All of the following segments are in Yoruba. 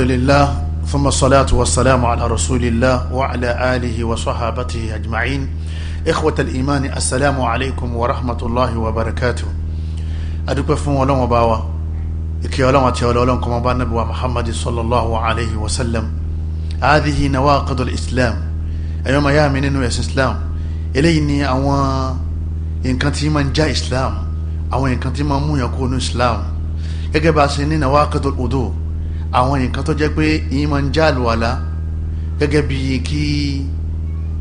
alhamdulillah thumma salatu wa salamu ala rasulillah wa ala alihi wa sahabatihi ajma'in ikhwata al-imani assalamu alaykum wa rahmatullahi wa barakatuh adúpẹ́ fún Ọlọ́run Ọba wa ìkẹ́ Ọlọ́run àti Ọlọ́run kó máa bá Ànábì wa Muhammad sallallahu alayhi wa sallam hadhihi nawaqidul islam ẹ̀yọ́ ma yá mi nínú ẹ̀sìn islam eléyìí ni àwọn nǹkan tí máa ń já islam àwọn nǹkan tí máa ń múyàn kó nínú islam gẹ́gẹ́ bá a ṣe ní nawaqidul wudu àwọn nǹkan tó jẹ́ pé yín máa ń já àlùwàlá gẹ́gẹ́ bí kí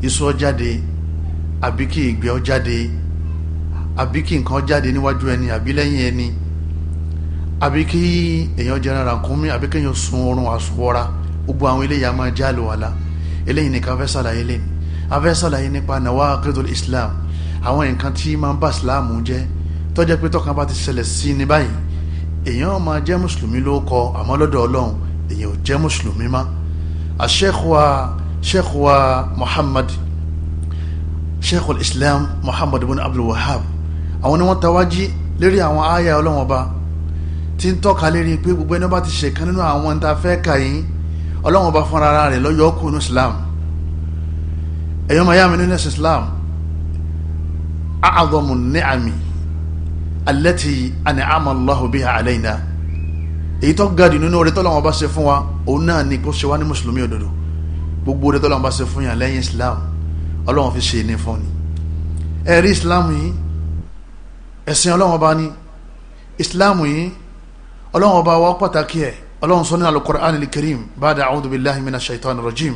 iṣu ọ jáde àbí kí ìgbẹ́ ọ jáde àbí kí nǹkan jáde níwájú ẹni àbí lẹ́yìn ẹni àbí kí èèyàn jẹran ràkúnmí àbí kéèyàn sun oorun àsùnwọ́ra gbogbo àwọn eléyìí máa já àlùwàlá eléyìí nìkan fẹ́ ṣàlàyé lẹ́nu afẹ́ ṣàlàyé nípa nawaqidul Islam àwọn nǹkan tí máa ń bá Islam jẹ́ tó pé tọkàn bá ti ṣẹlẹ̀ sí ní báyìí èèyàn máa jẹ́ mùsùlùmí ló kọ àmọ́ lọ́dọ̀ ọlọ́run èèyàn ò jẹ́ mùsùlùmí má àṣẹ́kùwà ṣẹ́kùwà muhammad sheikhul islam muhammad bin abdul wahab àwọn ni wọ́n tawájí lérí àwọn àyà ọlọ́run ọba tí ń tọ́ka lérí pé gbogbo ẹni bá ti ṣèkan nínú àwọn tá a fẹ́ kà yín ọlọ́run ọba fúnra rẹ̀ lọ́yọ̀ ọkùnrin islam ẹ̀yọ́ mayami nínú islam a'adhamu ni'ami allati an'ama Allahu biha alayna èyí tó ga jù nínú oore tọ́lọ́wọ́n bá ṣe fún wa òun náà ni kó ṣe wá ní mùsùlùmí òdodo gbogbo oore tọ́lọ́wọ́n bá ṣe fún yàn lẹ́yìn islam ọlọ́wọ́n fi ṣe ní fún ni ẹ̀rí islam yìí ẹ̀sìn ọlọ́wọ́n bá ní islam yìí ọlọ́wọ́n bá wá pàtàkì ẹ̀ ọlọ́wọ́n sọ ní al-Qur'an al-Karim ba'da a'udhu billahi minash shaitani rajim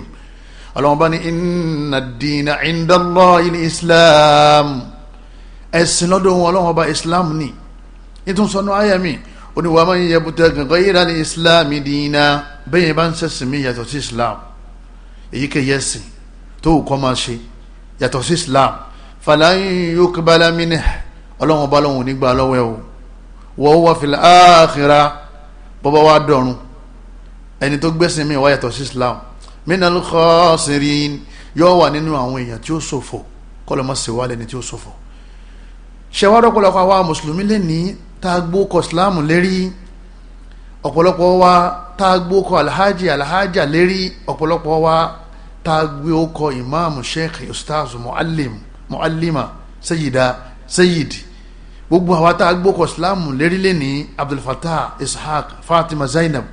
ọlọ́wọ́n bá ní inna ad-dina 'inda islam ẹ̀sìn lọ́dọ̀ wọn ọlọ́run ọba islam ni nítorí sọnù àyà mi ó ní wàá máa ń yẹbùtẹ gàngán yìí ní islam dìínà bẹ́ẹ̀ yẹn bá ń ṣẹ̀sìn mi yàtọ̀ sí islam èyíkéyìí ẹ̀sìn tó kọ́ máa ṣe yàtọ̀ sí islam fàlàyé yóò kíbalá mi ní ọlọ́run ọba lọ́hùn nígbà lọ́wọ́ ẹ̀ o wọ́n wá fìlà áàkìrà bọ́bá wa dọ̀run ẹni tó gbẹ́sìn mi wá yàtọ̀ sí islam mínàlú kọ́ sírin yóò wà nínú àwọn èèyàn tí ó ṣòfò kọ́lọ́mọ́sí wà lẹ́ni tí ó ṣòfò ṣẹwàá ọ̀pọ̀lọpọ̀ àwa mùsùlùmí lè ní tá a gbó kọ islam lérí ọ̀pọ̀lọpọ̀ wa tá a gbó kọ alhaji alhaja lérí ọ̀pọ̀lọpọ̀ wa tá a gbé kọ imaamu sheikh ustaz muallim muallima sayida sayid gbogbo àwa tá a gbó kọ islam lérí lè ní abdulfatah ishaq fatima zainab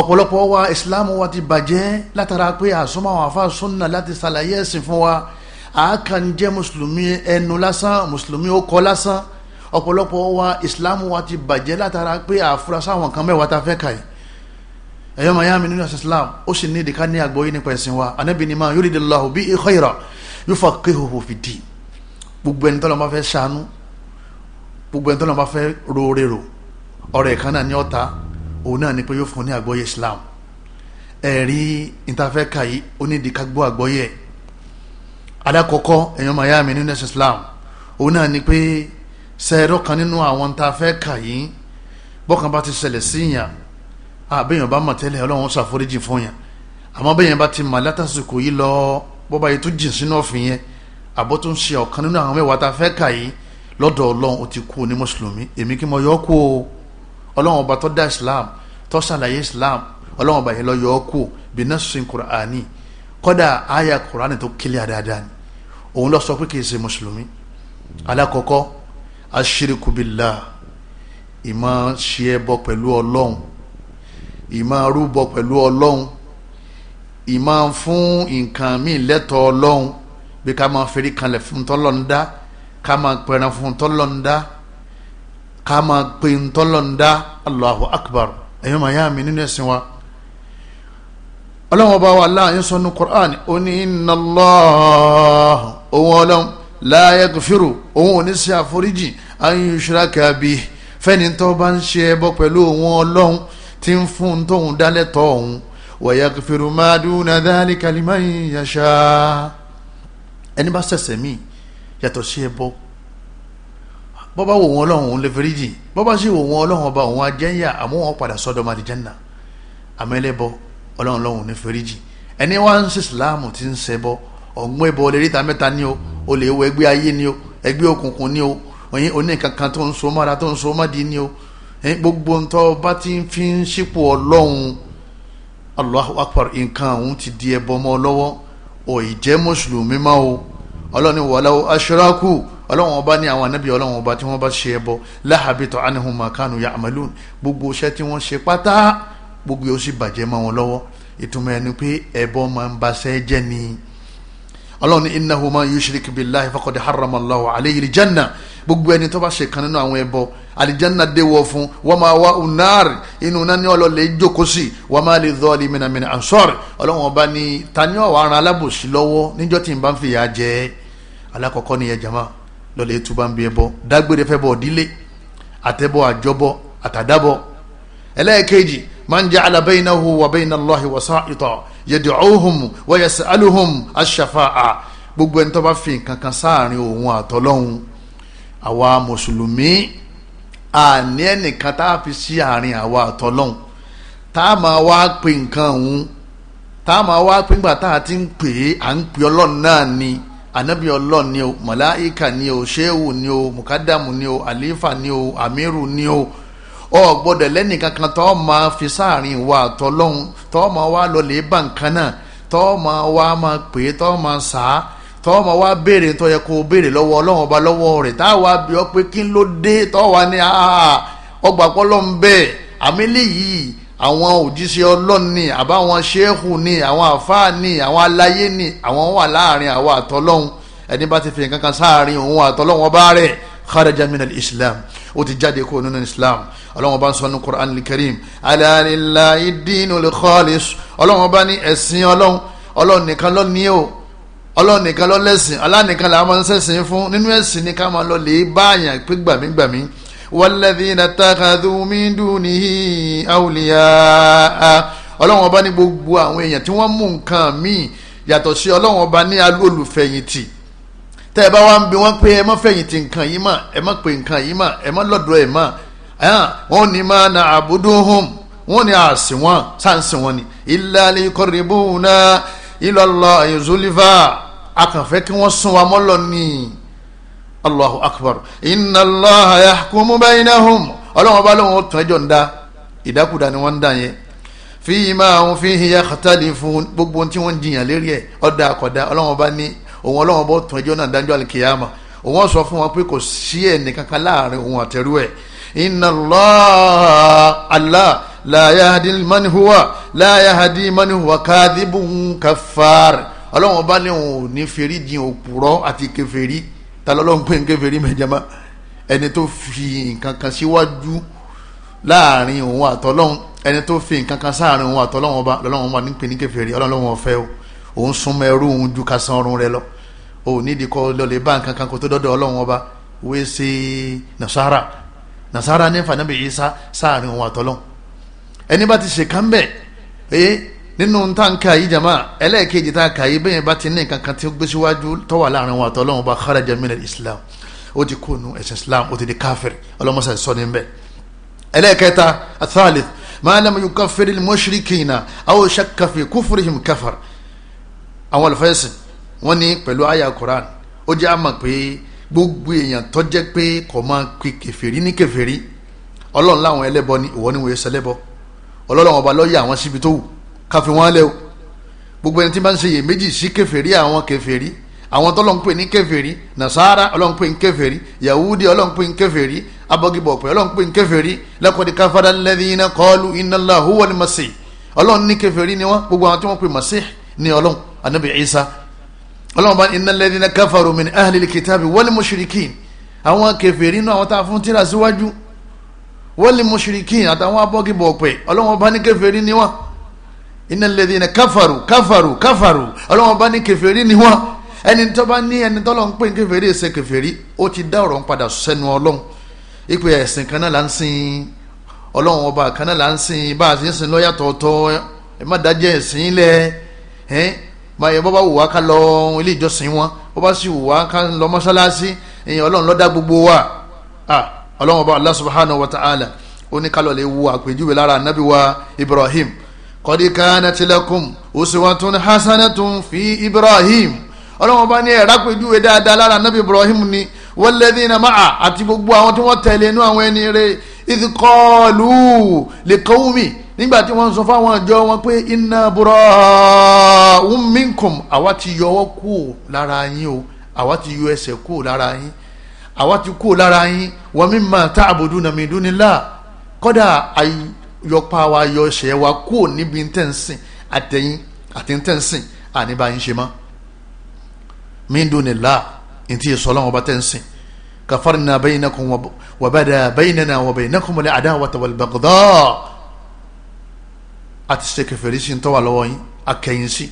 ọ̀pọ̀lọpọ̀ wa islam wa ti bàjẹ́ látara pé àsomọ́ àwọn afa sunna láti ṣàlàyé ẹ̀sìn fún wa àákàn jẹ́ mùsùlùmí ẹnu lásán mùsùlùmí ó kọ́ lásán ọ̀pọ̀lọpọ̀ wa ìsìláàmù wa ti bàjẹ́ látara pé àfúrásá àwọn kan mẹ́wàá ta fẹ́ kà yìí ẹ̀yọ́ miami nínú ẹ̀sìn islam ó sì ní ìdíkà ní àgbọ́yé nípa ẹ̀sìn wa anábì ni máa yuridillahu bihi khaira yufaqihuhu fid-din gbogbo ẹni tọ́lọ́ bá fẹ́ ṣàánú gbogbo ẹni tọ́lọ́ bá fẹ́ roore rò ọ̀rọ̀ ẹ̀ka náà ní ọ̀ta òun náà ni pé yóò fún ní àgbọ́yé islam ẹ̀rí ìtafẹ́ kàyí ó ní ìdíkà gbọ́ àgbọ́yé ẹ̀ alákọ̀ọ́kọ́ èèyàn maya mi nínú ẹ̀sìn Islam òun náà ni pé sẹ́ẹ̀rọ kan nínú àwọn tá a fẹ́ kà yín bọ́kàn bá ti ṣẹlẹ̀ sí yàn àbẹ̀yàn bá mọ̀ tẹ́lẹ̀ ọlọ́run ṣàforíjì fún yàn àmọ́ bẹ́yàn bá ti mọ̀ látàsìkò yìí lọ bọ́ba yìí tó jìn sínú ọ̀fìn yẹn àbọ̀ tó ń ṣe ọ̀kan nínú àwọn mẹ́wàá tá a fẹ́ kà yìí lọ́dọ̀ ọlọ́run ó ti kú ní mùsùlùmí Islam tó ṣàlàyé Islam ọlọ́run ọba yẹn lọ yọ kú bínásùn kọ́dà àyà kùránì tó kílẹ̀ àdáadáa ni òun lọ sọ pé kì í ṣe mùsùlùmí alákọ̀ọ́kọ́ aṣírikùbìlà ìmọ̀ ṣe ẹbọ pẹ̀lú ọlọ́run ìmọ̀ rúbọ pẹ̀lú ọlọ́run ìmọ̀ fún nǹkan míì lẹ́tọ̀ ọlọ́run bí ká máa ferí kanlẹ̀ fún tọ́lọ́ńdá ká máa pẹran fún tọ́lọ́ńdá ká máa pe tọ́lọ́ńdá Allahu akbar ẹ̀yọ́ màá yá mi nínú ẹ̀sìn wa ọlọ́run ọba wa Allah ń sọnu Qur'an ó ní inna Allah òun ọlọ́run la yaghfiru òun ò ní ṣe àforíjì an yushraka bih fẹ́ni tó bá ń ṣe ẹbọ pẹ̀lú òun ọlọ́run tí ń fún tóun dálẹ́tọ̀ òun wa yaghfiru ma duna dhalika liman yasha ẹni bá ṣẹ̀ṣẹ̀ mí yàtọ̀ sí ẹbọ bọ́ bá wọn ọlọ́run lè foríjì bọ́ sì wò wọn ọlọ́run ọba òun ajẹ́yà àmọ́ padà sọ́dọ̀ ọlọ́run lọ́hùn ní fẹ́ríjì ẹni wá ń ṣe ìsìláàmù tí ń ṣẹbọ ọ̀gbọ́n ẹbọ lè ríta mẹ́ta ni o o lè wọ ẹgbẹ́ ayé ni o ẹgbẹ́ òkùnkùn ni o oyin oníkankan tó ń so mọ́ra tó ń so mọ́di ni o gbogbo ntọ́ bá ti fi ń ṣípò ọlọ́run Allahu nǹkan òun ti di ẹbọ mọ́ lọ́wọ́ ò ì jẹ́ mùsùlùmí mọ́ o ọlọ́ni walaw ashraku ọlọ́run ọba ní àwọn anábì ọlọ́run ọba tí wọ́n bá ṣe ẹbọ lahabita anhum ma kanu gbogbo iṣẹ́ tí wọ́n ṣe pátá gbogbo yóò sì bàjẹ́ mọ́ wọn lọ́wọ́ ìtumọ̀ ẹni pé ẹ̀bọ máa ń baṣẹ́ jẹ́ ni ọlọ́run innahu man yushrik billahi faqad harrama Allahu alayhi aljanna gbogbo ẹni tó bá ṣe kan nínú àwọn ẹbọ alijanna déwọ fún wa ma'wahu an-nar inú náà ní ọlọ́lẹ̀ ìjókòó sí wa ma lidh-dhalimina min ansar ọlọ́run ọba ni tani ọ̀wọ́ ara alábòsí lọ́wọ́ níjọ́ tí n bá ń fìyà jẹ alákọ̀ọ́kọ́ ni ẹ̀jẹ̀má lọ́lẹ̀ ètò bá ń bí ẹbọ dágbére fẹ́ bọ̀ ọ̀dílé àtẹ́bọ̀ àjọbọ̀ àtàdábọ̀ ẹlẹ́ẹ̀kejì من جعل بينه وبين الله وسائطا يدعوهم ويسألهم الشفاعة gbogbo ẹni tó bá fi nǹkan kan sáàrin òun àtọlọ́hun àwa mùsùlùmí àní ẹnìkan tá a fi sí àárín àwa àtọlọ́hun tá a máa wá pe nǹkan òun tá a máa wá pé nígbà tá a ti ń pè é à ń pè ọlọ́run náà ni anabi ọlọ́run ni o màláìka ni o ṣéwù ni o mùkádàmù ni o àlífà ni o àmírù ni o ọ gbọ́dọ̀ lẹ́nì kankan tó máa fi sáàrin wa tọlọ́hún tó máa wá wa bá nǹkan náà tó máa wá máa pè é tó máa sà á tó máa wá béèrè tó yẹ kó béèrè lọ́wọ́ ọlọ́run ọba lọ́wọ́ rẹ̀ tá a wá bí ọ pé kí n ló dé tó wà ní ọgbà pọ́lọ́ ń bẹ́ẹ̀ àmì léyìí àwọn òjíṣẹ́ ọlọ́run ni àbáwọn ṣéhù ni àwọn àfáà ni àwọn aláyé ni àwọn wà láàrin àwọn àtọlọ́hún ẹni bá ti fi nǹkan kan sáàrin òun àtọlọ́hún ọba rẹ̀ kharaja min islam ó ti jáde kó nínú islam ọlọ́wọ́n bá ń sọ ní quran al-karim ala lillahi dinul khalis ọlọ́wọ́n bá ní ẹ̀sìn ọlọ́run ọlọ́run nìkan ló ní o ọlọ́run nìkan ló lẹ́sìn alánìkan là á máa ń sẹ́sìn fún nínú ẹ̀sìn ní ká máa lọ lè báyàn pé gbàmígbàmí walladhina takhadhu min dunihi awliya ọlọ́run ọba ní gbogbo àwọn èèyàn tí wọ́n mú nǹkan míì yàtọ̀ sí ọlọ́run ọba ní olùfẹ̀yìntì tẹ́ ẹ bá wá ń bi wọ́n pé ẹ má fẹ̀yìntì nǹkan yìí mà ẹ má pè nǹkan yìí mà ẹ má lọ́dọ̀ ẹ̀ mà wọ́n ní máa na àbúdúhùn wọ́n ní àsìn wọn sáǹsìn wọn ni illa li koribuna ila Allah zulifa akànfẹ́ kí wọ́n sún wa mọ́lọ ní Allahu akbar inna Allaha yahkumu baynahum ọlọ́wọ́n bá lóun tún ẹjọ́ ń da ìdákùdá ni wọ́n ń dà yẹn fíìmà àwọn fíìhìn yàtàlífún gbogbo tí wọ́n jiyàn lérí ẹ̀ ọ̀dà àkọ́dá ọlọ́wọ́n bá ní òun ọlọ́run bó tún ẹjọ́ náà dájọ́ àlìkìyàmà òun sọ fún wọn pé kò sí ẹnìkankan láàrin òun àtẹrú ẹ̀ inna Allah Allah la yahdi man huwa la yahdi man huwa kadhibun kaffar ọlọ́run ọba ní òun ò ní fèrí jin òpùrọ́ àti kèfèrí ta lọ́lọ́run pé ń kèfèrí mẹ́jẹ̀má ẹni tó fi nǹkan kan síwájú láàrin òun àtọ́lọ́run ẹni tó fi nǹkan kan sáàrin òun àtọ́lọ́run ọba lọ́lọ́run ọba nípe ní kèfèrí ọlọ́run ọ̀fẹ́ o òun súnmọ́ ẹrú òun ju ka san ọrùn rẹ lọ o nídìí kọ́ lọlẹ̀ bá nǹkan kan kó tó dọ́dọ̀ ọlọ́run ọba wíì sí nasara nasara ní fanabi isa sáàrin òun àtọ́lọ́n ẹni bá ti ṣe kán bẹ́ẹ̀ ee nínú táǹkà yìí jama ẹlẹ́ẹ̀kejì táǹkà yìí bẹ́ẹ̀ bá ti ní nǹkan kan tí gbé síwájú tó wà láàrin òun àtọ́lọ́run ọba kharaja min islam ó ti kó nu ẹ̀sìn islam ó ti di káfíìrì ọlọ́mọṣẹ́ sọ ní bẹ́ẹ̀ ẹlẹ́ẹ̀kẹta athalith aw shakka fi kafar àwọn olùfẹ́sìn wọ́n ní pẹ̀lú àyà Quran ó jẹ́ àmọ̀ pé gbogbo èèyàn tó jẹ́ pé kò máa pe kèfèrí ní kèfèrí ọlọ́run láwọn ẹlẹ́bọ ni ìwọ ni wòye sẹlẹ́bọ ọlọ́run ọba lọ́ọ́ yẹ àwọn síbi tó wù ká fi wọ́n gbogbo ẹni tí bá ń ṣe iyèméjì sí kèfèrí àwọn kèfèrí àwọn tọ́lọ́ ń pè ní kèfèrí nasara ọlọ́run pè ní kèfèrí yahudi ọlọ́run pè ní kèfèrí abọ́gibọ̀pẹ̀ ọlọ́run pè ní anabi isa ọlọ́run bá innal ladhina kafaru min ahlil kitabi wal mushrikin àwọn kèfèrí inú àwọn tá a fún tíra síwájú wal mushrikin àtàwọn abọ́gibọ̀ pẹ̀ ọlọ́run bá ní kèfèrí ni wọ́n innal ladhina kafaru kafaru kafaru ọlọ́run bá ní kèfèrí ni wọ́n ẹni tó bá ní ẹni tọ́lọ́ ń pè ní kèfèrí ẹsẹ̀ kèfèrí ó ti dá ọ̀rọ̀ padà sẹ́nu ọlọ́run ìpè báyẹn bọ́ bá wù wá ká lọ ilé ìjọsìn wọn bọ́ bá sì wù wá ká lọ mọ́sálásí èèyàn ọlọ́run ló gbogbo wa ọlọ́run ọba Allah subhanahu wa ta'ala ó ní ká lè wo àpèjúwe lára anabi wa Ibrahim qad kanat lakum uswatun hasanatun fi Ibrahim ọlọ́run ọba ní ẹ̀rá àpèjúwe dáadáa lára anabi Ibrahim ni walladhina ma'a àti gbogbo àwọn tí wọ́n tẹ̀lé inú àwọn ẹni rẹ̀ idh qalu liqawmi nígbà tí wọ́n sọ fáwọn àjọ wọn pé inna bura'un minkum àwa ti yọ ọwọ́ kú lára yín o àwa ti yọ ẹsẹ̀ kú lára yín àwa ti kú lára yín wa mimma ta'buduna min dunillah kọ́dà ayọ̀pá wa yọ ẹsẹ̀ wa kú níbi ntẹ̀sìn àtẹ̀yìn àti ntẹ̀sìn àníbà yín ṣe mọ́ min dunillah ntí ìsọ̀lọ́wọ́n ọba tẹ̀sìn kafarna baynakum wa bada baynana wa baynakum al-adawata wal-baghdha ati ti ṣe kẹfẹ́rí sí tó wà lọ́wọ́ yín akẹ́yìn sí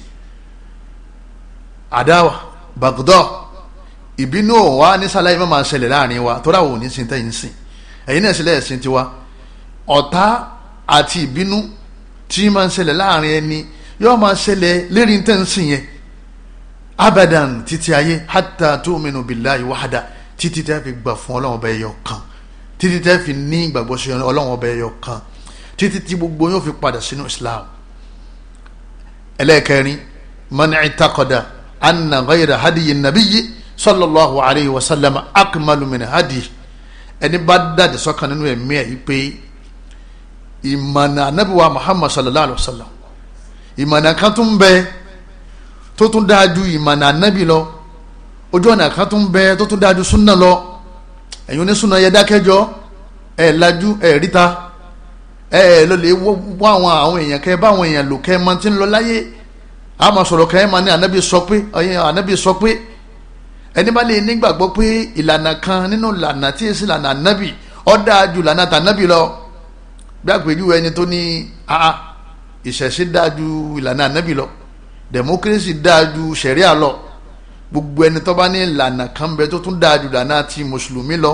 àdáwà bàgùdọ́ ìbínú wa nísàlàyé má máa ṣẹlẹ̀ láàrin wa tó dáwọ̀ ní sin tẹ́yìn sìn ẹ̀yin náà sílẹ̀ ẹ̀sìn tiwa ọ̀tá àti ìbínú tí máa ń ṣẹlẹ̀ láàrin ẹni yóò máa ṣẹlẹ̀ lérí tẹ́ǹsìn yẹn abadan títí ayé hatta tu'minu billahi wahda titi tẹ́ fi gbà fún ọlọ́run ọba ẹ̀yọ̀ kan títí tẹ́ fi ní ìgbàgbọ́ sí ọlọ́run ọba kan títí tí gbogbo yóò fi padà sínú islam ẹlẹ́ẹ̀kẹrin man itaqada anna ghayra hadiyi nabiyyi sallallahu alayhi wa sallam akmalu min hadi ẹni bá dàdí sọ́kàn nínú ẹ̀mí ẹ̀ pé ìmọ̀nà anabiwa muhammad sallallahu alayhi wa sallam ìmọ̀nà kan tún bẹ tó tún dáa ju ìmọ̀nà anabi lọ ojú ọ̀nà kan tún bẹ tó tún dáa súnà lọ ẹ̀yin onísúnà yẹ dákẹ́jọ́ ẹ̀ lajú ẹ̀ ríta ẹ ẹ ló lè wá àwọn àwọn èèyàn kẹ bá àwọn èèyàn lò kẹ mọ tí ń lọ láyé a máa sọ̀rọ̀ kẹ máa ní ànábì sọ pé ànábì sọ pé ẹni bá lè nígbàgbọ́ pé ìlànà kan nínú ìlànà tí èsì ìlànà ànábì ó dáa ju ìlànà tànábì lọ bí àpèjúwe ẹni tó ní aa ìṣẹ̀ṣe dáa ju ìlànà ànábì lọ democracy dáa ju ṣẹ̀ríà lọ gbogbo ẹni tó bá ní ìlànà kan bẹ tó tún dáa ju ìlànà ti mùsùlùmí lọ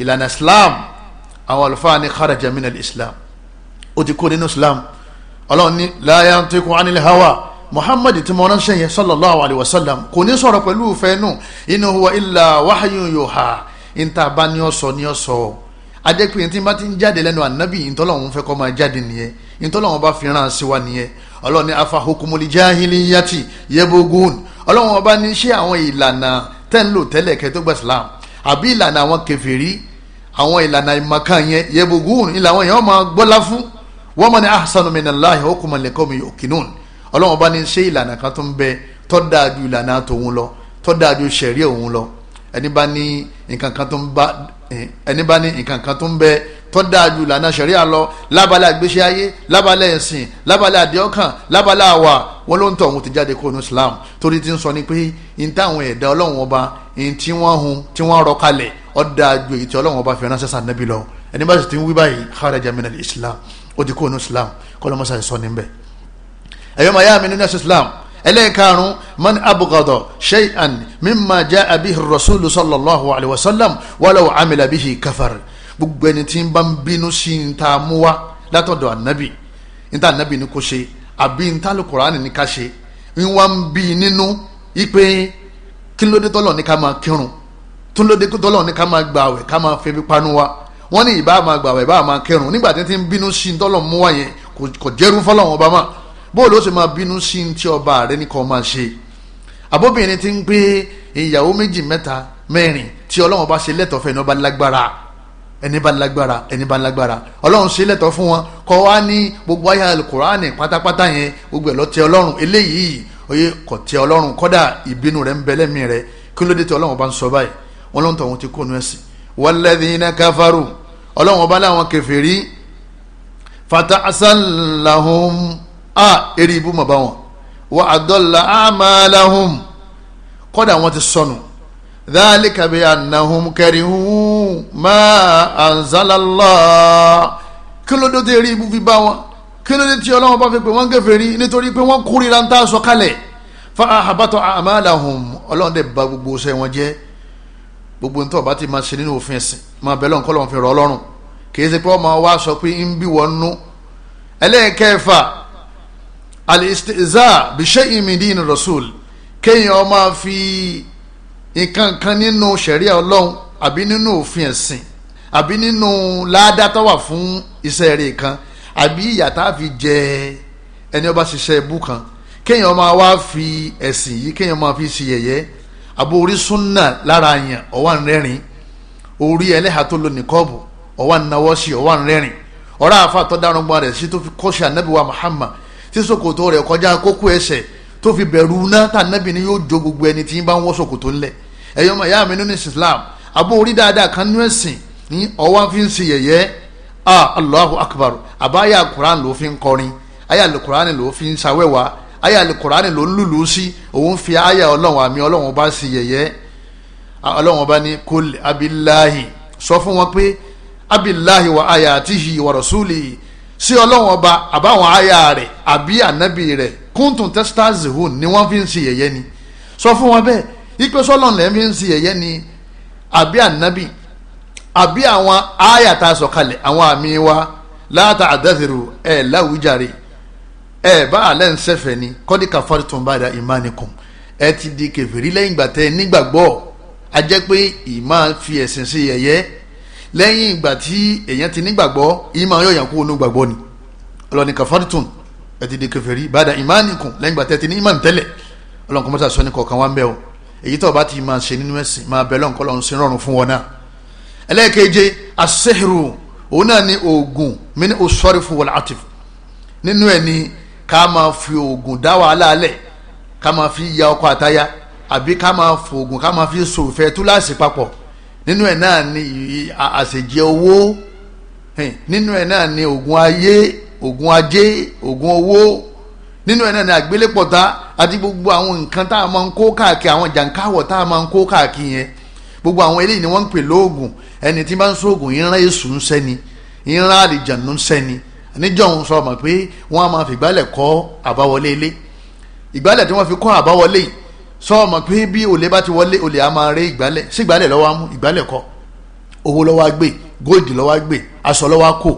ìlànà islam àwọn àlùfáà ní kharaja min islam ó ti kó nínú islam ọlọ́run ní láyà ń tẹ́kun anilẹ̀ hawa muhammad tí mo ránṣẹ́ yẹn sallallahu alayhi wa sallam kò ní sọ̀rọ̀ pẹ̀lú fẹ́nu in huwa illa wahyun yuha níta bá ní ọ̀sọ̀ ní ọ̀sọ̀ adékùn yẹn tí bá ti ń jáde lẹ́nu ànábì ìtọ́lọ́hún fẹ́ kọ́ máa jáde nìyẹn ìtọ́lọ́hún bá fi ràn sí wa nìyẹn ọlọ́run ní afa hukumul jahiliyati yebogun ọlọ́run ọba ní ṣé àwọn ìlànà tẹ́ tẹ́lẹ̀ kẹ́ tó gba àbí ìlànà àwọn kèfèrí àwọn ìlànà ìmọ̀kan yẹn yebogun ìlànà yẹn wọ́n máa gbọ́lá fún wa man ahsanu minallahi hukman liqawmin yuqinun ọlọ́wọ́n bá ní ṣe ìlànà kan tó ń bẹ tó dáa ju ìlànà tòun lọ tó dáa ju ṣẹ̀ríà òun lọ ẹni bá ní nǹkan kan tó ń bá eh, ẹni bá ní nǹkan kan bẹ tó dáa ìlànà ṣẹ̀ríà lọ lábala ìgbésí ayé lábala ẹ̀sìn lábala àdéhọ́kàn lábala àwà wọn ló ń tọ̀ òun ti jáde kó nu Islam torí ti ń sọ ni pé n táwọn ẹ̀dá ọlọ́wọ́n ọba n tí wọ́n hun tí wọ́n rọ kalẹ̀ ó dáa ju èyí tí ọlọ́wọ́n ọba fi ránṣẹ́ sànẹ́bí Islam ó ti kó inú islam kọ́lọ́mọ́sá ìsọ níbẹ̀ ẹ̀yọ́ màá yá mi nínú ẹ̀sìn islam ẹlẹ́ẹ̀karùn-ún man abugada shay'an mimma ja'a bihi rasulu sallallahu alayhi wa sallam walaw amila bihi kafar gbogbo ẹni tí ń bá ń bínú sí ń ta mú wá látọ̀dọ̀ ànábì ń ta ànábì ní kò ṣe àbí ń ta lùkùránì ní ká ṣe ń wá ń bí nínú ipe kí tọ́lọ̀ ní ká máa kírun tọ́lọ̀ ní ká máa gbààwẹ̀ ká máa febi panu wa wọ́n ní ìbá máa gbàwẹ̀ ìbá máa kẹrùn nígbà tí ń bínú sí tọ́lọ̀ mú wáyẹn kò jẹ́rú fọlọ́wọn ọba mọ́ bóòlù ó sì máa bínú sí tí ọba rẹ ní kò máa ṣe àbóbìnrin ti ń pé ìyàwó méjì mẹ́ta mẹ́rin tí ọlọ́wọ́n bá ṣe lẹ́tọ̀ọ́ fẹ́ ẹni bá lágbára ẹni bá lágbára ẹni bá lágbára ọlọ́run ṣe lẹ́tọ̀ọ́ fún wọn kọ́ wá ní gbogbo ayé alukuraani pátápátá yẹn gbogbo ẹ̀ lọ tẹ ọlọ́run eléyìí oyè kò tẹ ọlọ́run kọ́dà ìbínú rẹ̀ ń bẹ lẹ́mìí rẹ̀ kí ló dé tí ọlọ́run bá ń sọ báyìí wọn ló tọ̀ wọn ti kó nu ẹ̀sìn walladhina kafaru ọlọ́run ọba láwọn kèfèrí fatasalahum a eré ibú mọ̀ bá wọn wa adọ́la amalahum kọ́dà wọn ti sọnù dhalika bi annahum karihu ma anzalallah kí ló dé tó eré ibú fi bá wọn kí ló dé tí ọlọ́run bá fi pè wọ́n kèfèrí nítorí pé wọ́n kórìíra ń tà sọ fa ahabatọ amalahum Ọlọ́run dẹ ba gbogbo ṣẹ jẹ́ gbogbo ntọ bá ti máa ṣe nínú òfin ẹsìn máa bẹ lọhùn kọlọhùn fi rọ Ọlọ́run kì í ṣe pé ọmọ wa sọ pé ń bí wọn nú ẹlẹ́ẹ̀kẹfà alistiza bishẹ́ imidin rasul kéèyàn ọmọ fi nǹkan kan nínú ṣẹ̀ríà ọlọ́run àbí nínú òfin ẹ̀sìn àbí nínú ládàtọ̀ wà fún iṣẹ́ rẹ̀ kan àbí ìyàtá fi jẹ ẹni ọba ṣiṣẹ́ ibú kan kéèyàn máa wá fi ẹ̀sìn yìí kéèyàn máa fi ṣe yẹ̀yẹ́ àbò orí súnà lára yẹn ọ̀wá ń orí ẹlẹ́hàá tó lo nìkọ́ọ̀bù ọwọ́ ànáwọ́ sí ọwọ́ ànrẹ́rìn ọ̀rá àfa tó dárun gbọ́n rẹ̀ tó fi kọ́ṣẹ́ ànábì wa Muhammad tí ṣòkòtò rẹ̀ kọjá kókó ẹsẹ̀ tó fi bẹ̀rù náà tá ànábì ni yóò jó gbogbo ẹni tí ń bá ń wọ́ ṣòkòtò ńlẹ̀ ẹ̀yọ́ ọmọ ìyá mi nínú Islam abó orí dáadáa kan nú ẹ̀sìn ní ọwọ́ fi ń ṣe yẹ̀yẹ́ ah Allahu Akbar Abaya Quran ló fi ń kọrin ayà lè Quran ló fi ń ṣàwẹ́wà ayà lè Quran ló ń lùlù sí òun fi ayà ọlọ́run àmì ọlọ́run bá ṣe yẹ̀yẹ́ ọlọ́run bá ní kul abillahi sọ fún wọn pé abilahi wa ayatihi wa rasuli sí ọlọ́run ba àbáwọn aya rẹ̀ àbí ànábì rẹ̀ kúntùn testers hun ni wọ́n fi ń ṣe yẹ̀yẹ́ ni sọ fún wọn bẹ́ẹ̀ ipe sọ́lọ́n lẹ́ fi ń ṣe yẹ̀yẹ́ ni àbí ànábì àbí àwọn aya tá a sọ kalẹ̀ àwọn àmì wa láta àdáṣirò ẹ̀ láwùjáre ẹ̀ bá àlẹ́ ń sẹ́fẹ̀ ni kọ́dí kàfárí tó ń bá da ìmánikùn ẹ ti di kẹfìrí lẹ́yìn gbàtẹ́ nígbàgbọ́ a jẹ́ pé ìmá fi ẹ̀sìn sí yẹ̀yẹ́ lẹ́yìn ìgbà tí èèyàn ti nígbàgbọ́ ìmọ̀ yọ̀yàn kó onú gbàgbọ́ ni ọlọ́ni kafaritun ẹ di kèfèrí bada ìmánìkùn lẹ́yìn ìgbà tẹ́ ti ní ìmọ̀ tẹ́lẹ̀ ọlọ́ni kò mọ́tà sọ ní kọ̀ọ̀kan wá ń bẹ́ o èyí tó o bá ti máa ṣe nínú ẹ̀sìn máa bẹ lọ́nkọ́ lọ́run sí rọrùn fún wọn náà ẹlẹ́ẹ̀keje asẹ́hìrù òun ni oògùn mini osori fún wọlé àtìf nínú ẹ̀ ni ká máa fi oògùn ya ọkọ àtaya àbí ká máa fòògùn ká nínú ẹ̀ náà ni àṣejẹ owó nínú ẹ̀ náà ni oògùn ayé oògùn ajé oògùn owó nínú ẹ̀ náà ni àgbélépọ̀ta àti gbogbo àwọn nǹkan tá a máa ń kó káàkiri àwọn jàǹkáwọ̀ tá a máa ń kó káàkiri yẹn gbogbo àwọn eléyìí ni wọ́n ń pè lóògùn ẹni tí bá ń sóògùn ìran èṣù ń sẹ́ni ìran àlìjànú ń sẹ́ni níjọ́hún sọ ma pé wọ́n á máa fi ìgbálẹ̀ kọ́ àbáwọlé ilé ìgbálẹ̀ tí wọ́n fi kọ́ àbáwọlé yìí sọ ọmọ pé bí olè bá ti wọlé olè á máa rẹ ìgbálẹ̀ sí ìgbálẹ̀ lọ́wọ́ á mú ìgbálẹ̀ kọ́ owó lọ́wọ́ á gbé góòdì lọ́wọ́ á gbé aṣọ lọ́wọ́ á kó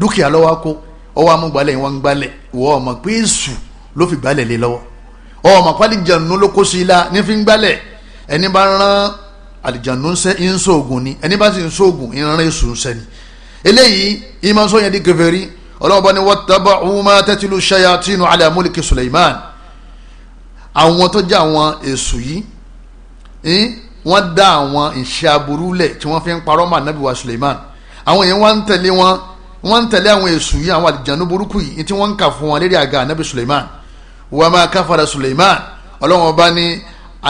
dúkìá lọ́wọ́ á kó ọwọ́ á mú gbálẹ̀ wọn gbálẹ̀ wọ́ ọmọ pé èṣù ló fi gbálẹ̀ lé lọ́wọ́ ọmọ pálí jẹ̀nu ló kó sí ilá ní fi ń gbálẹ̀ ẹni bá rán àlìjànú ńsẹ́ ìńsóògùn ni ẹni bá sì ń sóògùn ìran èṣù ńsẹ́ ni eléyìí ìmọ̀ sọ́yẹn di kèfèrí ọlọ́wọ́ bá àwọn tó jẹ́ àwọn èṣù yìí eh, wọ́n dá àwọn ìṣe aburú lẹ̀ tí wọ́n fi ń parọ́ mọ́ ànábì wa Suleiman àwọn yẹn wọ́n ń tẹ̀lé wọn wọ́n ń tẹ̀lé àwọn èṣù yìí àwọn àlìjánu burúkú yìí tí wọ́n ń kà fún wọn lérí àga ànábì Suleiman wa ma kafara Suleiman ọlọ́wọ́n bá ní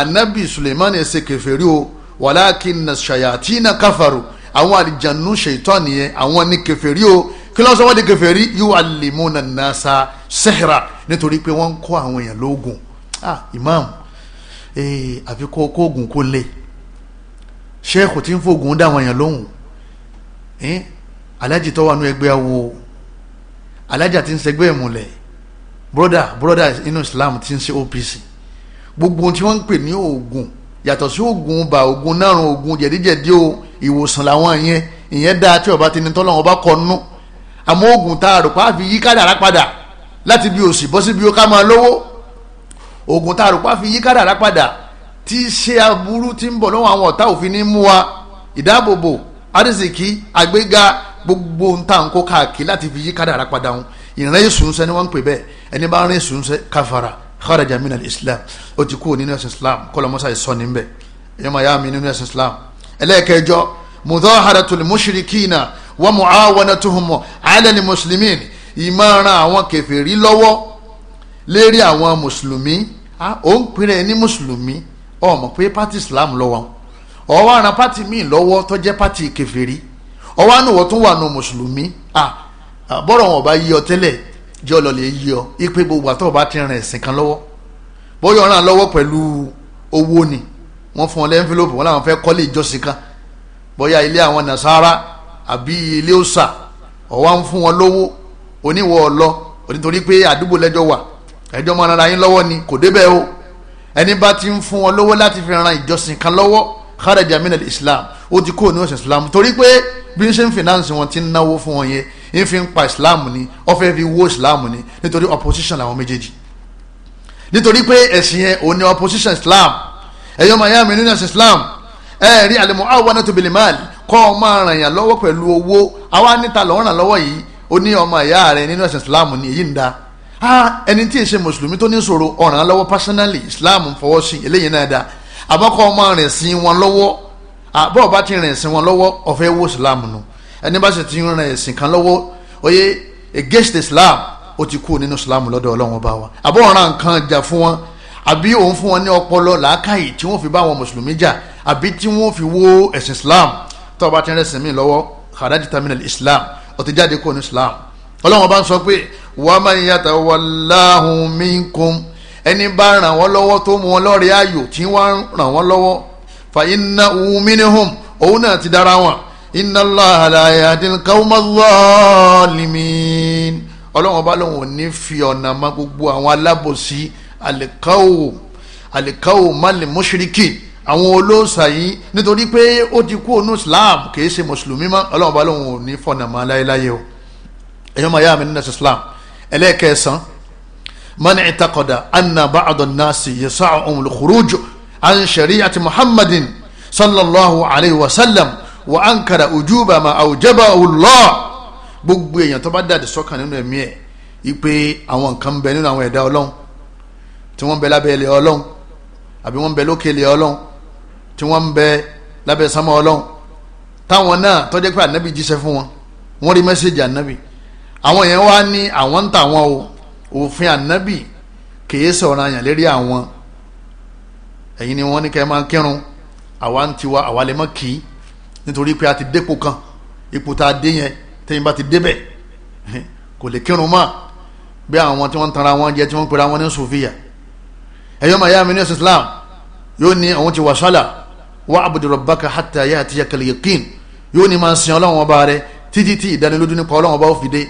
ànábì Suleiman ẹ̀ ṣe kèfèrí o walakinna shayatina kafaru àwọn àlìjánu ṣètọ́ nìyẹn àwọn ní kèfèrí o kí ló sọ wọ́n di kèfèrí yuallimuna nasa sihra nítorí pé wọ́n ah imam ee àfi kó kóògùn kó lé sheikh tí ń fògùn dáwọn èèyàn lóhùn ẹ́n alájì tó wà nú ẹgbẹ́ awo alájà tí ń ṣẹgbẹ́ ìmùlẹ̀ broda broda inú islam tí ń ṣe opc gbogbo tí wọ́n ń pè ní oògùn yàtọ̀ sí oògùn bá oògùn nárun oògùn jẹ̀díjẹ̀dí o ìwòsàn làwọn yẹn ìyẹn dáa tí ọba ti ní tọ́lọ́ ọba kọ nú àmọ́ oògùn tá a rò pa á fi yí kádàrá padà láti bí òsì bọ́ bí ó ká máa lówó oògùn tá a rò pa fi yí kádàrá padà tí ṣe aburú tí ń bọ̀ lọ́wọ́ àwọn ọ̀tá òfin ní mú wa ìdáàbòbò àrísìkí àgbéga gbogbo ń tà ń kó káàkiri láti fi yí kádàrá padà wọn ìrìn ìsúnṣẹ́ ni wọ́n ń pè bẹ́ẹ̀ ẹni bá rìn ìsúnṣẹ́ káfara kharaja min al-islam ó ti kúrò nínú ẹ̀sìn islam kọ́lọ́mọ́sá ìsọ níbẹ̀ ẹ̀yọ́ máa yá mi nínú ẹ̀sìn islam ẹlẹ́ẹ̀kẹjọ mudaharatul mushrikina wa muawanatuhum ala al-muslimin ìmọ̀ràn àwọn kèfèrí lọ́wọ́ lérí àwọn mùsùlùmí Ah, ó ń pinnu ẹni mùsùlùmí ọmọ pé pati islam lọ́wọ́ ọwọ́ àrùn pati míì lọ́wọ́ tó jẹ́ pati kèfèrí ọwọ́ àánú wọ́n tún wà nù mùsùlùmí ah, ah, bọ́rọ̀ wọn ò bá yí ọ tẹ́lẹ̀ jẹ́ ọlọ́lẹ̀ yí ọ ipe gbogbo àtọ́ bá ti rìn ẹ̀sìn kan lọ́wọ́ bóyá ọ̀ràn lọ́wọ́ pẹ̀lú owó ni wọ́n fún ọ lẹ́ńfílọ́pù wọn làwọn fẹ́ kọ́lé ìjọsìn kan bóyá ilé àwọn nasara àbí ilé òòsà ọ̀wá ń fún wọn lówó oníwọ̀ ọ̀lọ́ nítorí pé àdúgbò lẹ́jọ́ wà ẹjọ́ máa rara yín lọ́wọ́ ni kò débẹ̀ o ẹni bá ti ń fún wọn lọ́wọ́ láti fi ran ìjọsìn kan lọ́wọ́ kharaja min islam ó ti kúrò ní ọ̀sẹ̀ islam torí pé bí n ṣe ń finance wọn ti ń náwó fún wọn yẹn ń fi ń pa islam ni ó fi wó islam ni nítorí opposition làwọn méjèèjì nítorí pé ẹ̀sìn yẹn òun ni opposition islam ẹ̀yọ́ miami nínú ẹ̀sìn islam ẹ̀ rí al-mu'awanatu bil mal kọ́ ọ máa ràn yàn lọ́wọ́ pẹ̀lú owó àwa níta lọ́ọ́ ràn lọ́wọ́ yìí ó ní ọmọ ìyá rẹ nínú ẹ̀sìn islam ni èyí ń da a ẹni tí èsè mùsùlùmí tó ní ṣòro ọ̀ràn lọ́wọ́ personally islam fọwọ́ sí eléyìí náà dá àbọ̀kọ́ ọmọ rìn sí wọn lọ́wọ́ àbọ̀ bá ti rìn sí wọn lọ́wọ́ ọ̀fẹ́ wo islam nu ẹni bá sì ti rìn ẹ̀sìn kan lọ́wọ́ oyè against islam ó ti kú nínú islam lọ́dọ̀ ọlọ́wọ́n bá wa àbọ̀ ọ̀ràn kan jà fún wọn àbí òun fún wọn ní ọpọlọ làákàyè tí wọ́n fi bá àwọn mùsùlùmí jà àbí tí wọ́n fi wó ẹ̀sìn islam tó bá ti rìn ẹ̀sìn mi lọ́wọ́ kàdájì terminal islam ó ti jáde ọlọ́run bá ń sọ pé wa man yatawallahu minkum ẹni bá ràn wọ́n lọ́wọ́ tó mú wọn lọ́rẹ̀ẹ́ ayò tí wọ́n ràn wọ́n lọ́wọ́ fa innahu minhum òun náà ti dára wọn inna Allaha la yahdil qawma zalimin ọlọ́run ọba lòun ò ní fi ọ̀nà ma gbogbo àwọn alábòsí alikawo alikawo mali àwọn olóòṣà yìí nítorí pé ó ti kú onú Islam kì í ṣe mùsùlùmí mọ́ ọlọ́run ọba lòun ní fọ̀nà ma láéláyé o ẹ̀yọ́ máa yá mi nínú islam ẹlẹ́ẹ̀kẹsàn man itaqada anna ba'da an-nasi yasa'uhum al-khuruj an shari'ati muhammadin sallallahu alayhi wa sallam wa ankara ujuba ma awjabahu Allah gbogbo èèyàn tó bá dàdí sọ́kàn nínú ẹ̀mí ẹ̀ ipe àwọn nǹkan bẹ nínú àwọn ẹ̀dá ọlọ́run tí wọ́n bẹ lábẹ́ ilẹ̀ ọlọ́run àbí wọ́n bẹ lókè ilẹ̀ ọlọ́run tí wọ́n bẹ lábẹ́ sámọ́ ọlọ́run táwọn náà tó pé ànábì jíṣẹ́ fún wọn wọ́n rí mẹ́sẹ̀gì ànábì àwọn yẹn wá ní àwọn ń tàwọn o òfin ànábì kìí sọ̀rọ̀ àyàn lérí àwọn ẹ̀yin ni wọ́n ní kẹ́ máa kírun àwa ń tiwa àwa lè má kì í nítorí pé a ti dépò kan ipò tá a dé yẹn tẹ́yìn bá ti débẹ̀ kò lè kírun mọ́ bí àwọn tí wọ́n ń tanra wọn jẹ tí wọ́n ń pera wọn ní sofiya ẹ̀yọ́ màá yá mi ní ẹ̀sìn Islam yóò ní àwọn ti wà sọ́là wà abudu rabbaka hatta ya'tiyakal yaqin yóò ní máa sin ọlọ́run ọba rẹ títí tí ìdánilójú nípa ọlọ́run ọba fi dé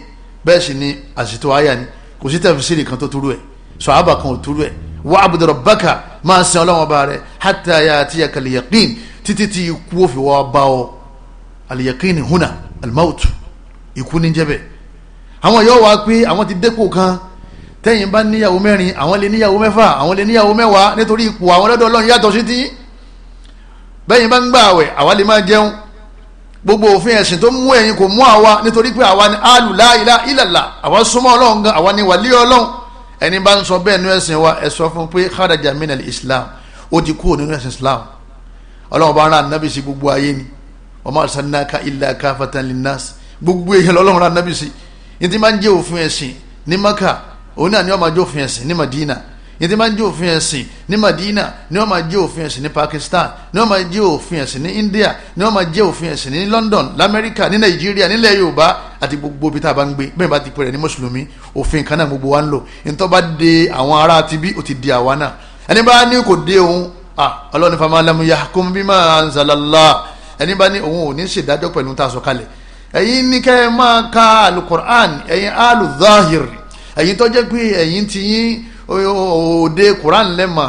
bẹ́ẹ̀ sì ni àṣìtò àyà ni kò sí tẹ̀físìrì kan tó túrú ẹ̀ sọ̀hábà kan ò túrú ẹ̀ wà abud rabbaka máa sin ọlọ́wọ́n bá rẹ̀ hatta ya'tiyaka al-yaqin títí tí ikú òfin wa bá ọ al-yaqin huna al-maut ikú ní jẹ́bẹ̀ àwọn yóò wá pé àwọn ti dépò kan tẹ́yìn bá níyàwó mẹ́rin àwọn lè níyàwó mẹ́fà àwọn lè níyàwó mẹ́wàá nítorí ipò àwọn lọ́dọ̀ ọlọ́run yàtọ̀ sí ti bẹ́yìn bá ń gbà àwẹ̀ àwa lè máa jẹun gbogbo òfin ẹ̀sìn tó mú ẹ̀yin kò mú àwa nítorí pé àwa ni alu láìlá ìlàlà àwa súnmọ́ ọlọ́run gan àwa ni wàlí ọlọ́run ẹni bá ń sọ bẹ́ẹ̀ nínú ẹ̀sìn wa ẹ sọ fún pé kharaja minal islam ó ti kúrò nínú ẹ̀sìn islam ọlọ́run bá rán anábì sí gbogbo ayé ni wa ma arsalnaka illa kafatan linnas gbogbo èèyàn lọ́lọ́run rán anábì sí ní ti máa ń jẹ́ òfin ẹ̀sìn ní maka òun náà ni wọ́n máa jẹ́ òfin ẹ̀sìn ní madina yẹn ti máa ń jẹ́ òfin ẹ̀sìn ní Madina ni wọ́n máa jẹ́ òfin ẹ̀sìn ní Pakistan ni wọ́n máa jẹ́ òfin ẹ̀sìn ní India ni wọ́n máa jẹ́ òfin ẹ̀sìn ní London lamẹ́ríkà ní Nàìjíríà nílẹ̀ Yorùbá àti gbogbo ibi tá a bá ń gbé bẹ́ẹ̀ bá ti pẹ̀rẹ̀ ní mùsùlùmí òfin kan náà gbogbo wa ń lò ntọ́ bá de àwọn ará ti bí ó ti di àwa náà ẹni bá ní kò dé òun ọlọ́ni fama lamu yahkum bima anzalallah ẹni bá ní òun ò ní ṣèdájọ́ pẹ̀lú tá a sọ kalẹ̀ ẹ̀yin ka alukur'an ẹ̀yin aluzahir ẹ̀yin tó jẹ́ pé ẹ̀yin ti yín òde Quran lẹ́mà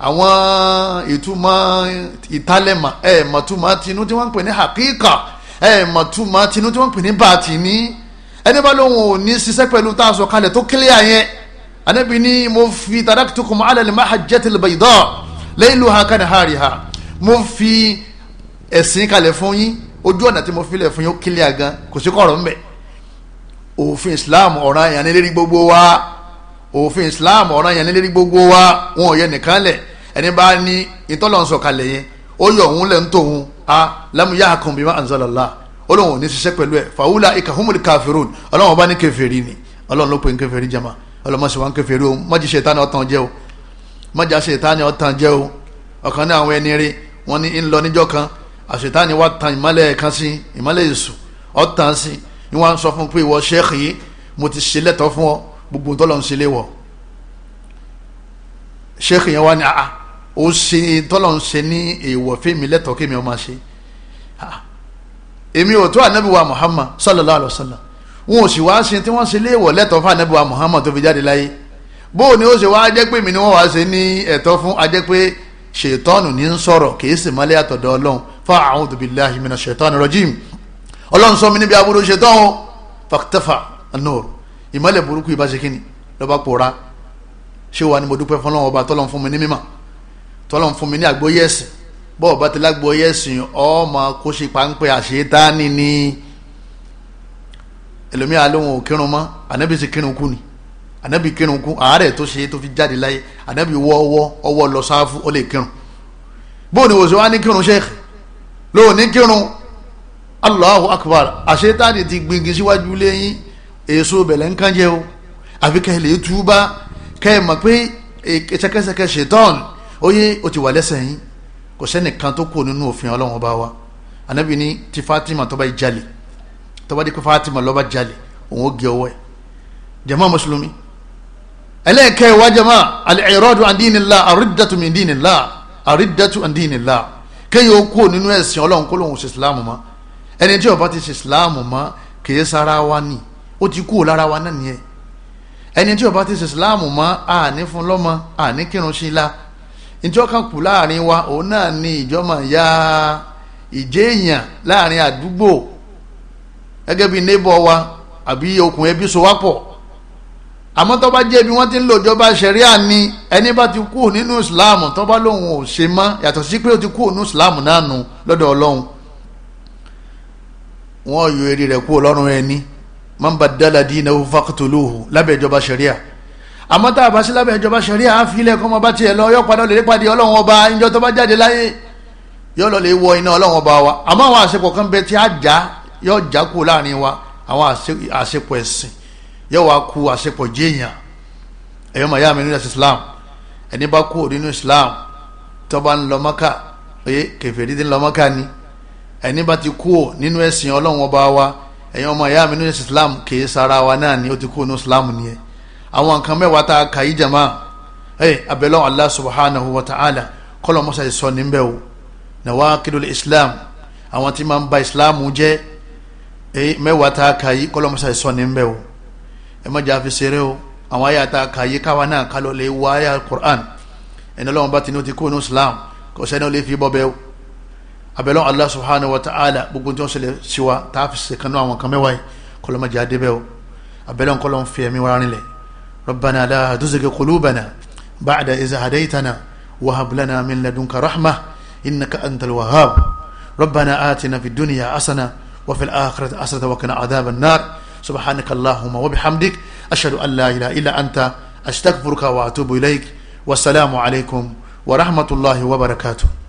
àwọn ìtumọ̀ ìtalẹ̀mà ẹ̀ mọ̀túmọ̀ tinú tí wọ́n ń pè ní hakika ẹ̀ mọ̀túmọ̀ tinú tí wọ́n ń pè ní bàtìní ẹni bá lóun ò ní ṣiṣẹ́ pẹ̀lú tá a sọ kalẹ̀ tó kílíà yẹn anabi ni mo fi taraktukum ala al-mahajjati al-bayda layluha kanahariha mo fi ẹ̀sìn kalẹ̀ fún yín ojú ọ̀nà tí mo filẹ̀ fún yín ó kílẹ̀ gan kò sí kọ̀rọ̀ ń bẹ̀ òfin islam ọ̀ràn àyàn ní lérí gbogbo wa òfin islam ọ̀ràn yẹn nílé gbogbo wa wọn ò yẹ nìkan lẹ̀ ẹni bá ní ìtọ́lọ́nsọ̀kalẹ̀ yẹn ó yọ òun lẹ́ ń tòun a lámúyá àkànbí má anzalala ọlọ́run ò ní ṣiṣẹ́ pẹ̀lú ẹ̀ fàwùlà ikàhùnmùlì káfíròn ọlọ́run ọba ní kẹfẹ́rì ni ọlọ́run ló pe ń kẹfẹ́rì jama ọlọ́mọṣẹ́ wa ń kẹfẹ́rì o mọ́jì ṣètánì ọ̀tàn jẹ́ o mọ́jà ṣètánì ọ̀tàn jẹ́ o ọ̀kan ní àwọn ẹni rí wọn ní ń gbogbo tọ́lọ̀ ń ṣe léwọ̀ sheikh yẹn wá ní àá ó ṣe tọ́lọ̀ ń ṣe ní èèwọ̀ fíìmù lẹ́tọ̀ọ́ kémi ọmọ ṣe èmi ò tó ànábì wa Muhammad sallallahu alayhi wa sallam wọn ò sì wá ṣe tí wọ́n ṣe léèwọ̀ lẹ́tọ̀ọ́ fún ànábì wa Muhammad tó fi jáde láyé bó o ní ó ṣe wá jẹ́ mi ni wọ́n wá ṣe ní ẹ̀tọ́ fún ajẹ́ pé ṣètọ́nù ní ń sọ̀rọ̀ kì í sì mọ́lẹ́ àtọ̀dọ̀ ọlọ́run fa a'udhu billahi minash shaitani rajim ọlọ́run sọ mi níbi aburú ṣètọ́n faktafa an ìmọ̀lẹ̀ burúkú ibà ṣe kíni lọ́ba pòórá ṣé wà ní mo dúpẹ́ fún ọlọ́run ọba tọ́lọ́run fún mi ní mímọ̀ tọ́lọ́run fún mi ní àgbóyè ẹ̀sìn bọ́ọ̀ bá ti lágbóyè ẹ̀sìn ọmọ kó ṣe páńpẹ́ àṣetáni ni ẹlòmíà lóhun ò kírun mọ́ ànábì sì kírun kú ni ànábì kírun kú àárẹ̀ tó ṣe tó fi jáde láyé ànábì wọ ọwọ́ ọwọ́ lọ sáfù ó lè kírun bóun ni wò sí wá ní kírun sheikh lóun ní kírun Allahu akbar àṣetáni ti gbìngì síwájú lẹ́yìn Eso bẹ̀lẹ̀ ń kán jẹ́ o àfi kẹ́ ẹ lè túbá kẹ́ ẹ mọ̀ pé ṣẹkẹṣẹkẹ ṣetán oyè o ti wà lẹ́sẹ̀ yín kò sẹ́nìkan tó kù nínú òfin ọlọ́run ọba wa anabi ni ti fatima tó bá jalè tó bá di pé fatima ló bá jalè òun ó gé ọwọ́ ẹ̀ jama mùsùlùmí ẹlẹ́ẹ̀kẹ́ wa jama al-i'radu an dinillah ar-riddatu min dinillah ar-riddatu an dinillah kéèyàn ó kù nínú ẹ̀sìn ọlọ́run kó tí ó bá ti ṣe islam mọ́ kì í wa nìyí ó ti kúrò lára wa náà nìyẹn ẹni tí ó bá ti ṣe ìsìláàmù mọ́ àní fún lọ́mọ àní kírun sí la ìjọ kan kù láàrin wa òun náà ni ìjọmọ ya ìjẹ́ èèyàn láàrin àdúgbò gẹ́gẹ́ bí neighbor wa àbí okùn ẹbí so wá pọ̀ àmọ́ tó bá jẹ́ bí wọ́n ti ń lò ìjọba ṣẹ̀ríà ni ẹni bá ti kú nínú ìsìláàmù tó bá lòun ò ṣe mọ́ yàtọ̀ sí pé ó ti kú nínú ìsìláàmù náà nù lọ́dọ̀ ọlọ́run wọn yọ èrè rẹ̀ kú ọlọ́run ẹni man baddala dinahu faqtuluhu lábẹ́ ìjọba ṣẹ̀ríà àmọ́ tá a bá sí lábẹ́ ìjọba ṣẹ̀ríà á fi ilẹ̀ kọ́ ọmọ bá tiẹ̀ lọ yọ padà lè pàdé ọlọ́run ọba ìjọ tó bá jáde láyé yọ lọ lè wọ iná ọlọ́run ọba wa àmọ́ àwọn àṣepọ̀ kan bẹ tí a já yọ já kú láàrin wa àwọn àṣepọ̀ ẹ̀sìn yọ wá ku àṣepọ̀ jéèyàn ẹ̀yọ́ màyá mi nínú Islam ẹni bá kú nínú Islam tó ń lọ Mákà oye kèfèrí dín lọ Mákà ni ẹni bá ti kú nínú ẹ̀sìn ọlọ́run ọba wa ẹ̀yin ọmọ ìyá mi ní islam kì í sara wa náà ni ó ti kú ní islam nìyẹn àwọn nǹkan mẹ́wàá tá a kà í jàmá ẹ̀ abẹ́lẹ́ allah subhanahu wa ta'ala kọ́lọ̀ mọ́sá ìsọ níbẹ̀ o nawaqidul islam àwọn tí máa ń ba islam jẹ́ ẹ̀ mẹ́wàá tá a kà í kọ́lọ̀ mọ́sá ìsọ níbẹ̀ o ẹ má jà fi o àwọn àyà tá kà í káwa náà kálọ̀ lè wá àyà Qur'an ẹni ọlọ́run bá ti ní ó ti kú ní islam kò sẹ́ni ó lè fi bọ́ bẹ́ẹ̀ o. abelon allah subhanahu wa ta'ala bugunti on sele siwa taafi se kanu awon kan mewai kolo ma jade be o abelon kolon fi emi warani le ربنا لا تزغ قلوبنا بعد إذا هديتنا وهب لنا من لدنك رحمة إنك أنت الوهاب ربنا آتنا في الدنيا حسنة وفي الآخرة حسنة وقنا عذاب النار سبحانك اللهم وبحمدك أشهد أن لا إله إلا أنت أستغفرك وأتوب إليك والسلام عليكم ورحمة الله وبركاته